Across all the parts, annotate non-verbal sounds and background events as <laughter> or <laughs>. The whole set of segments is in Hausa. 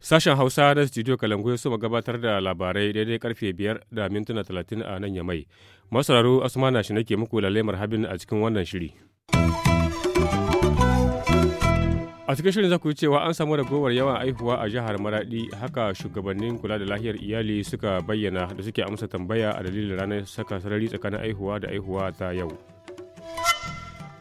Sashen Hausa na studio Kalangu ya soma gabatar da labarai daidai karfe biyar da mintuna talatin a nan yamai. Masararo Asmana shi nake muku lalemar habin a cikin wannan shiri. a cikin shirin za ku yi cewa an samu ragowar yawan aihuwa a jihar maradi haka shugabannin kula da lahiyar iyali suka bayyana da suke amsa tambaya a dalilin ranar saka sarari tsakanin aihuwa da aihuwa ta yau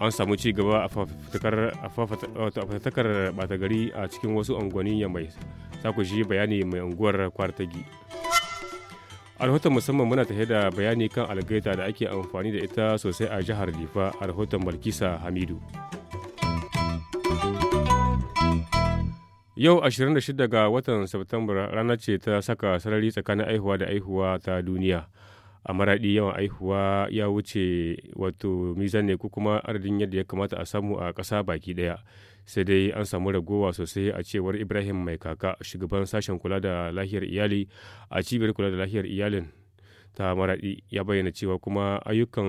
an samu ci gaba a fafatakar bata gari a cikin wasu unguwanni ya mai za ku ji bayani mai unguwar kwartagi a rahoton musamman muna tafe da bayani kan algaita da ake amfani da ita sosai a jihar difa a rahoton balkisa hamidu Yau 26 ga watan Satumba rana ce ta saka sarari tsakanin aihuwa da aihuwa ta duniya. A maraɗi yawan aihuwa ya wuce wato mizan ne ko kuma adadin yadda ya kamata a samu a ƙasa baki ɗaya. Sai dai an samu ragowa sosai a cewar Ibrahim mai kaka shugaban sashen kula da lahiyar iyali a cibiyar kula da lahiyar iyalin ta maraɗi ya bayyana cewa kuma ayyukan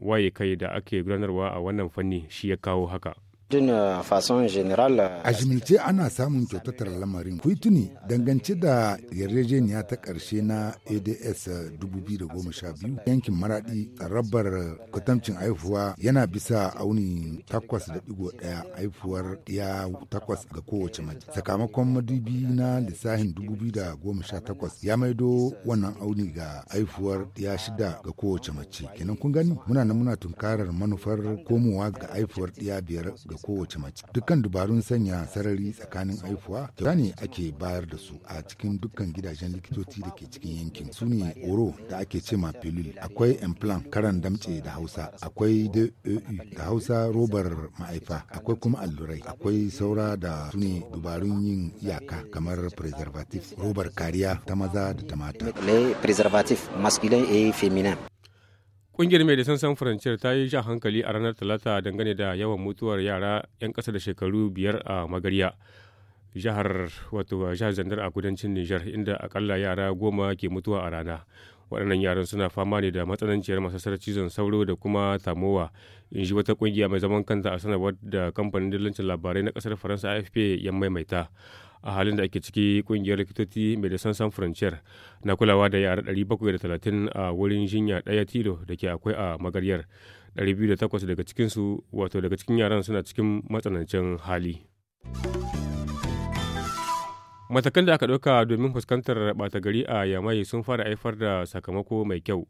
waye kai da ake gudanarwa a wannan fanni shi ya kawo haka. A jimilce ana samun kyautatar lamarin. Kuyi dangance da yarjejeniya ta ƙarshe na ADS 2012 yankin maraɗi rabar kwatamcin haifuwa yana bisa auni 8.1 haifuwar ya takwas ga kowace mace. Sakamakon madubi na lissahin 2018 ya maido wannan auni ga haifuwar ya shida ga kowace mace. Kenan kun gani muna na muna tunkarar manufar komowa ga haifuwar ɗiya biyar ga da kowace mace dukkan dubarun sanya sarari tsakanin haifuwa kyauta ne ake bayar da su a cikin dukkan gidajen likitoci da ke cikin yankin su ne oro da ake ce ma pilul akwai implant karan damce da hausa akwai dau e da hausa robar ma'aifa akwai kuma allurai akwai saura da su ne dubarun yin iyaka kamar preservative robar kariya ta maza da ta mata et féminin Ƙungiyar mai sansan furanciyar ta yi sha hankali a ranar Talata dangane da yawan mutuwar yara 'yan kasa da shekaru biyar a Magarya. Jihar wato jihar Zandar a kudancin Nijar inda akalla yara goma ke mutuwa a rana. Waɗannan yaran suna fama ne da matsananciyar masasar cizon sauro da kuma tamowa. In ji wata ƙungiya mai zaman kanta a sanarwar da kamfanin dillancin labarai na kasar Faransa AFP ya maimaita. a halin da ake ciki kungiyar likitoci da sansan frontier na kulawa da yara 730 a wurin jinya daya tilo da ke akwai a magaryar 208 daga cikinsu wato daga cikin yaran suna cikin matsanancin hali matakan da aka ɗauka domin fuskantar ɓata gari a yamai sun fara haifar da sakamako mai kyau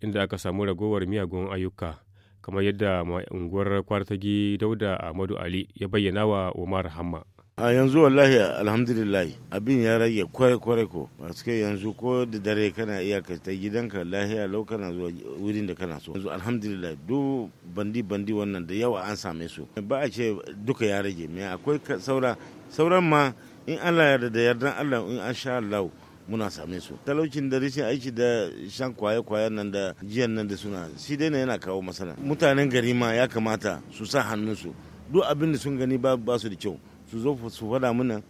inda aka samu ragowar miyagun ayyuka kamar yadda unguwar kwartagi dauda ahmadu ali ya bayyana wa umar hamma a yanzu wallahi alhamdulillahi abin ya rage kwarai-kwarai ko suke yanzu ko da dare kana iya ka ta gidanka lahiya lau kana zuwa wurin da kana so yanzu alhamdulillah duk bandi-bandi wannan da yawa an same su ba a ce duka ya rage me akwai saura sauran ma in allah ya da yardan allah in an sha allah muna same su talaucin da rishin aiki da shan kwaye-kwayen nan da jiyan nan da suna shi dai yana kawo masana. mutanen gari ma ya kamata su sa hannunsu duk abin da sun gani ba su da kyau su zo su faɗa mana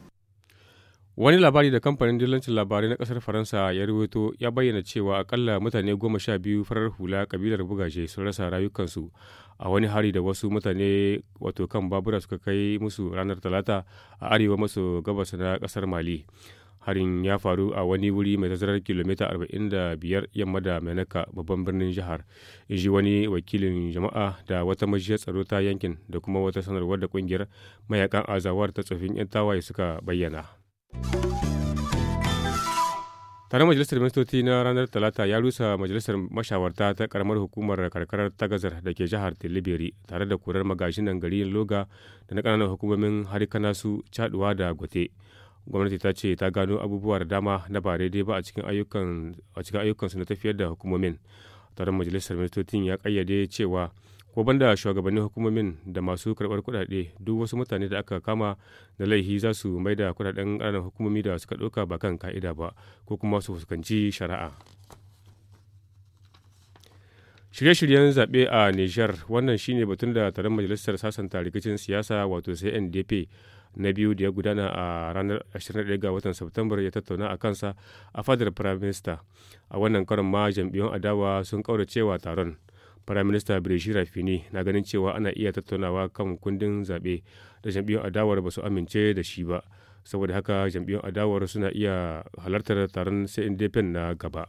wani labari da kamfanin dillancin labarai na kasar faransa ya rawaito ya bayyana cewa akalla mutane goma sha biyu farar hula kabilar bugaje sun rasa rayukansu a wani hari da wasu mutane wato kan babura suka kai musu ranar talata a arewa maso gabas na ƙasar mali harin ya faru a wani wuri mai tazarar kilomita 45 yamma da menaka babban birnin jihar inji wani wakilin jama'a da wata majiyar tsaro ta yankin da kuma wata sanarwar da kungiyar mayakan azawar ta tsofin 'yan tawaye suka bayyana tare majalisar ministoci na ranar talata ya rusa majalisar mashawarta ta karamar hukumar karkarar tagazar da ke jihar tilibiri tare da korar magajinan garin loga da na kananan hukumomin nasu caduwa da gote gwamnati ta ce ta gano abubuwa da dama na ba daidai ba a cikin ayyukansu na tafiyar da hukumomin taron majalisar ministocin ya kayyade cewa ko banda shugabannin hukumomin da masu karbar kudade duk wasu mutane da aka kama da laihi za su mai da kudaden ƙananan hukumomi da suka ɗauka ba kan ka'ida ba ko kuma su fuskanci shari'a shirye-shiryen zaɓe a niger wannan shine batun da taron majalisar sasanta rikicin siyasa wato cndp na biyu da ya gudana a ranar 21 ga watan september ya tattauna a kansa a fadar Prime Minister. A wannan karon ma jam'iyyun adawa sun cewa taron. Prime Minister Birishira Fini na ganin cewa ana iya tattaunawa kan kundin zaɓe da jam'iyyun adawar ba su amince da shi ba. Saboda haka jam'iyyun adawar suna iya halartar taron sai na gaba.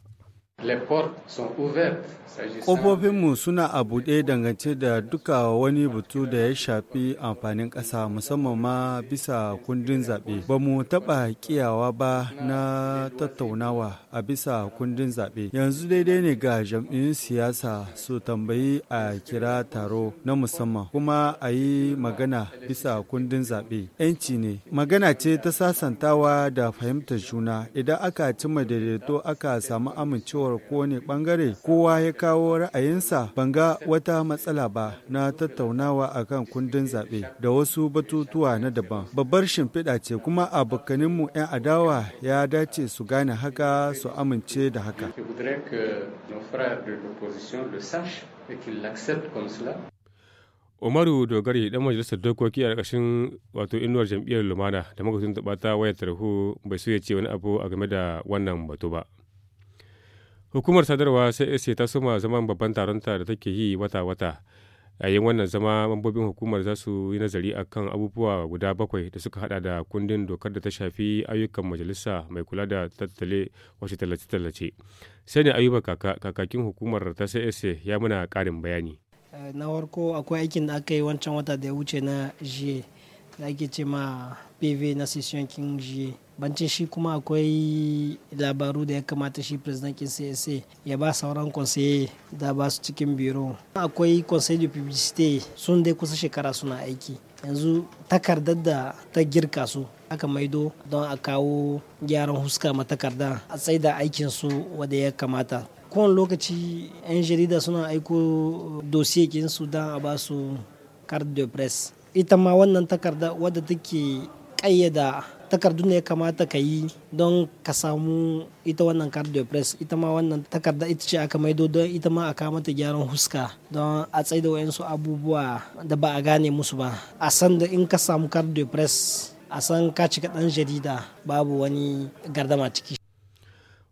Ƙofofinmu suna a buɗe dangance da duka wani butu da ya shafi amfanin ƙasa musamman ma bisa kundin zaɓe. Ba mu taɓa ƙiyawa ba na tattaunawa a bisa kundin zaɓe. Yanzu daidai ne ga jam'iyyun siyasa su tambayi a kira taro na musamman kuma a yi magana bisa kundin zaɓe. 'Yanci ne. Magana ce ta sasantawa da fahimtar juna. Idan aka cimma daidaito aka samu amincewa kasuwar kowane bangare kowa ya kawo ra'ayinsa ban ga wata matsala ba na tattaunawa a kan kundin zaɓe da wasu batutuwa na daban babbar shimfiɗa ce kuma abokaninmu 'yan adawa ya dace su gane haka su amince da haka umaru dogari dan majalisar dokoki a ƙarshen wato inuwar jam'iyyar lumana da taɓa ta wayar tarho bai so ya ce wani abu a game da wannan batu ba Hukumar sadarwa CAC ta suma zaman babban taronta da take yi wata-wata. Yayin wannan zama mambobin hukumar za su yi nazari a kan abubuwa guda bakwai da suka hada da kundin dokar da ta shafi ayyukan majalisa mai kula da tattale wace tallace-tallace. Sai ne ayuba kaka kakakin hukumar ta CAC ya muna karin bayani. Eh, na farko akwai aikin da aka yi wancan wata da ya wuce na jiye da ake ce ma PV na session king jiye. bancin shi kuma akwai labaru da ya kamata shi president kinsa ya ba sauran konseye da ba su cikin biro akwai conseil de publicité sun dai kusa shekara suna aiki yanzu takardar da ta girka su aka maido don a kawo gyaran huska ma takarda a tsaida aikin su wanda ya kamata kowane lokaci 'yan jarida suna aiko dosiyakin su don a ba su carte de presse ita ma wannan takarda wadda take kayyada takardun ne ya kamata ka yi don ka samu ita wannan cardio press ita ma wannan takarda ita ce aka maido don ita ma aka mata gyaran huska don a da wayansu abubuwa da ba a gane musu ba a san da in ka samu cardio press a san ka cika dan jarida babu wani gardama ciki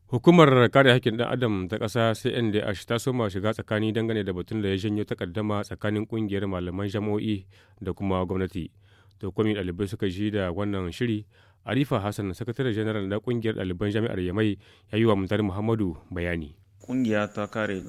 Hukumar kare haƙƙin ɗan Adam ta ƙasa CNDH ta soma shiga tsakani dangane da batun da ya janyo takaddama tsakanin ƙungiyar malaman jami'o'i da kuma gwamnati. To komi ɗalibai suka ji da wannan shiri Arifa Hassan, sakatare jeneral na kungiyar ɗaliban jami'ar Yamai, ya yi wa Muhammadu bayani. Kungiya ta kare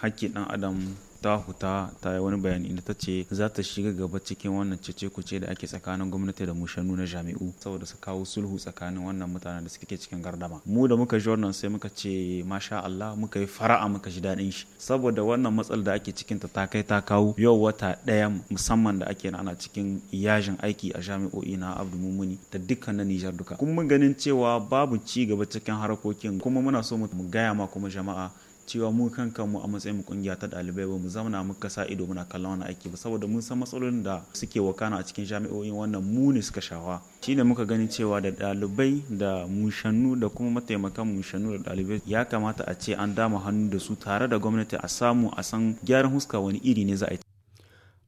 hakkin ɗan adam ta huta ta yi wani bayani inda ta ce za ta shiga gaba cikin wannan cece kuce da ake tsakanin gwamnati da mushanu na jami'u saboda su kawo sulhu tsakanin wannan mutanen da suke cikin gardama mu da muka ji wannan sai muka ce masha Allah muka yi fara'a muka ji daɗin shi saboda wannan matsal da ake cikin ta kai ta kawo yau wata ɗaya musamman da ake ana cikin yajin aiki a jami'o'i na Abdul Mumuni da dukkan na Nijar duka kuma mun ganin cewa babu ci gaba cikin harkokin kuma muna so mu gaya ma kuma jama'a cewa mu kan kanmu a matsayin kungiya ta dalibai ba mu zamana muka sa ido muna kallon wani aiki ba saboda mun san matsalolin da suke wakana a cikin jami'o'in wannan mu ne suka shawa shi ne muka gani cewa da dalibai da mushannu da kuma mataimakan mushannu da dalibai ya kamata a ce an dama hannu da su tare da gwamnati a samu a san gyaran huska wani iri ne za a yi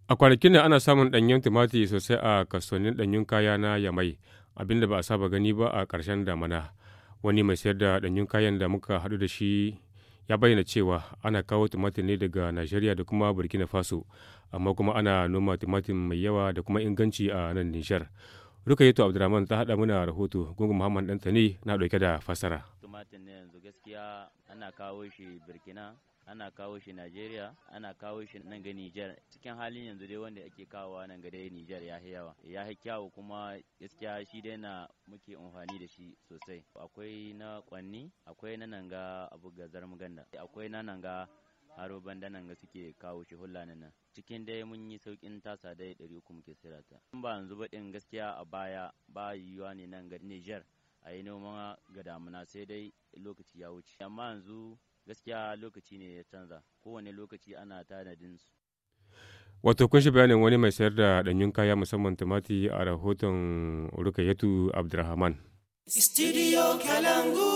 a kwanakin da ana samun danyen tumatir sosai a kasuwannin danyen kaya na yamai abinda ba a saba gani ba a ƙarshen damana wani mai sayar da danyen kayan da muka haɗu da shi ya bayyana cewa ana kawo tumatir ne daga Najeriya da kuma Burkina Faso, amma kuma ana noma tumatir mai yawa da kuma inganci a nan Nijar. Rukayetu Abdurrahman ta hada mana rahoto gungun Muhammad Dantani na ɗauke da fasara. Tumatir ne yanzu gaskiya ana kawo Burkina ana kawo shi Najeriya ana kawo shi nan ga Niger. cikin halin yanzu dai wanda ake kawowa nan ga dai Niger ya yi yawa ya yi kyawu kuma gaskiya shi dai na muke amfani da shi sosai akwai na kwanni akwai na nan ga abu gazar muganda akwai na nan ga haro banda nan ga suke kawo shi hullanin nan cikin dai mun yi saukin tasa dai ɗari uku muke sira ta ba yanzu ba gaskiya a baya ba yiwa ne nan ga Niger. a yi noma ga damuna sai dai lokaci ya wuce amma yanzu gaskiya lokaci ne ya canza kowane lokaci ana tanadin su wato kun shi bayanin wani mai sayar da danyun kaya musamman tumati a rahoton rukayatu abdulrahman studio kalangu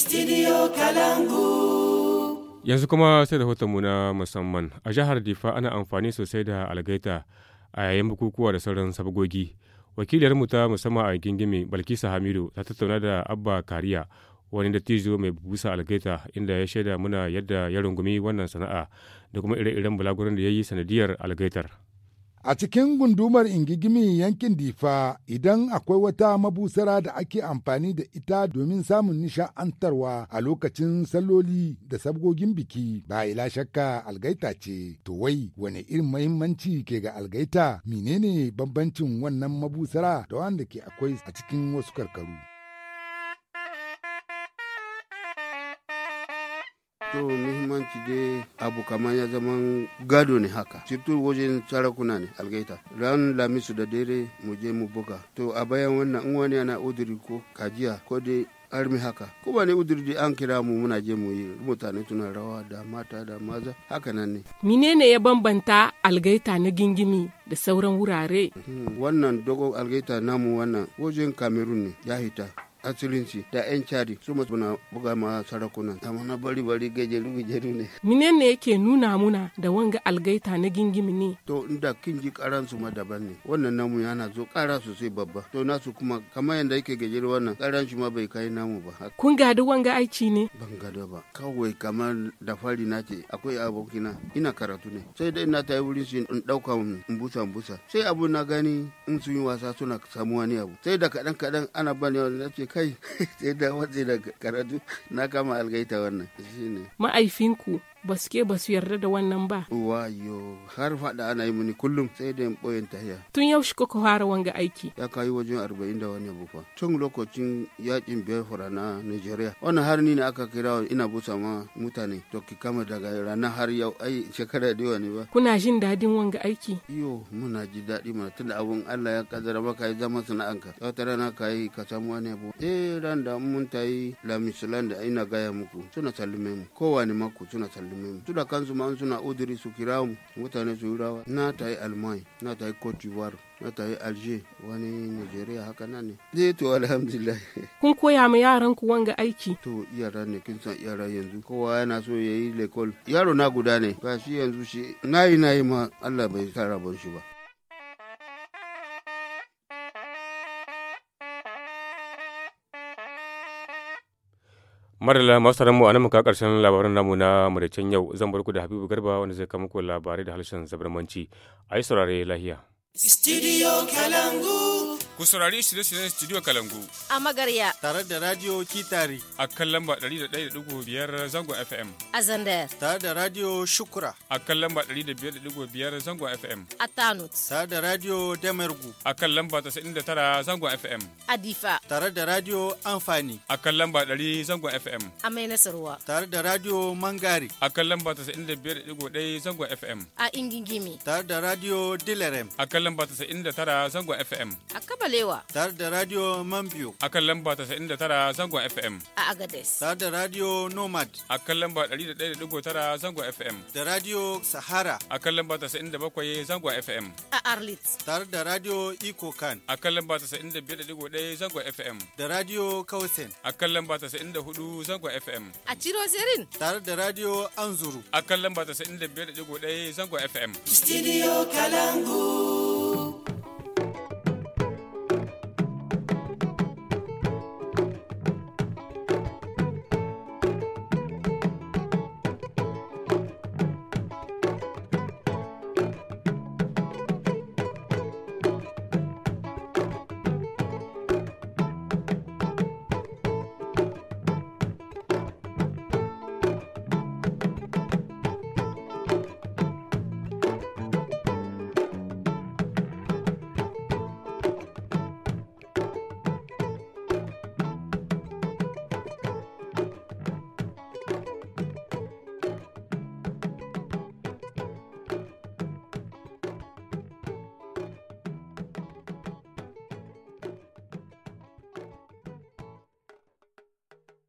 Studio Kalangu. Yanzu kuma sai da hoton na musamman a jihar Difa ana amfani sosai da algaita a yayin bukukuwa da sauran sabgogi. Wakiliyar ta musamman a gingimi Balkisa Hamidu ta tattauna da Abba Kariya wani dattijo mai busa algaita inda ya shaida muna yadda ya rungumi wannan sana'a da kuma ire-iren bulagurin da ya yi sanadiyar algaitar. A cikin gundumar ingigimi yankin Difa, idan akwai wata mabusara da ake amfani da ita domin samun nisha'antarwa a lokacin salloli da sabgogin biki, ba ila shakka algaita ce, to wai wane irin mahimmanci ke ga algaita, menene bambancin wannan mabusara da wanda ke akwai a cikin wasu karkaru. to muhimmanci dai abu kamar ya zama gado ne haka surtout wajen sarakuna ne algaita ran lamisu da dare mu je mu buga to a bayan wannan in wani yana udiri ko kajiya ko dai armi haka kuma ne udurdi an kira mu muna je mu yi mutane tuna rawa da mata da maza haka nan ne menene ya bambanta algaita na gingimi da sauran wurare hmm, wannan dogo algaita namu wannan wajen kamerun ne ya hita asilinci da 'yan cari su masu na buga ma sarakunan ta mana bari bari gajeru gajeru ne. mine ne yake nuna muna da wanga algaita na gingimi ne. to inda kin ji karan su ma daban ne wannan namu yana zo kara sosai babba to nasu kuma kamar yadda yake gajeru wannan karan shi ma bai kai namu ba. kun gadi wanga aici ne. ban gado ba kawai kamar da fari na ce akwai abokina ina karatu ne sai dai na ta yi wurin shi in ɗauka in busa in busa sai abu na gani in sun yi wasa suna samuwa ne abu sai da kaɗan kaɗan ana bani wani na ce kai <laughs> sai da wajen da karatu na kama algaita wannan shine ma'aifinku baske ba su yarda da wannan ba. Wayo har faɗa ana yi mini kullum sai da ɓoyin tahiya. Tun yaushe kuka fara wanga aiki? Ya kayi wajen arba'in da wani abu fa. Tun lokacin yakin Biafra na Nigeria. Wannan har ni ne aka kira ina busa ma mutane to ki kama daga rana har yau ai shekara da yawa ne ba. Kuna jin daɗin wanga aiki? Iyo muna ji daɗi mana tunda abun Allah ya kaddara maka ya zama sana'anka. Wata rana ka yi ka samu wani abu. Eh ran da mun ta yi lamisulan da ina gaya muku suna sallame mu kowane mako suna sallame musulmi su da kansu ma suna udiri su kira mu mutane su rawa na ta yi almai na ta yi cote d'ivoire na ta yi alger wani nigeria haka nan ne zai eh to alhamdulillah <laughs> kun koya ma yaran ku wanga aiki to yara ne kin san yara yanzu kowa yana so ya yi lekol yaro na guda ne shi yanzu shi nayi nayi ma allah bai sa rabon shi ba madalla masu taron mu a nan muka karshen labaran namu na maraicen yau zan bar ku da habibu garba wanda zai kama ku labarai da harshen zabarmanci ayi yi saurare lahiya. Studio Kalangu. Ku saurari shirye-shiryen Studio Kalangu. A Magarya. Tare da Radio Kitari. A kan lamba 101.5 Zango FM. A Zandayar. Tare da Radio Shukura. A kan lamba 105.5 Zango FM. A Tanut. Tare da Radio Damergu. A kan lamba 99 Zango FM. A Difa. Tare da Radio Amfani. A kan lamba 100 Zango FM. A Mai Nasarwa. Tare da Radio Mangari. A kan lamba 95.1 Zango FM. A Ingingimi. Tare da Radio Dilerem. A kan lamba 99 Zango FM. A Kabal Kwalewa. Tare da Radio Manbiyo. A kan lamba tara zangon FM. A Agades. Tare da Radio Nomad. A kan lamba ɗari da da tara zangon FM. Da Radio Sahara. A kan lamba bakwai zangon FM. A Arlit. Tare da Radio Iko Kan. A kan lamba biyar da 95.1 zangon FM. Da Radio Kausen. A kan lamba hudu zangon FM. A Ciro Zerin. Tare da Radio Anzuru. A kan lamba biyar da 95.1 zangon FM. Studio Kalangu.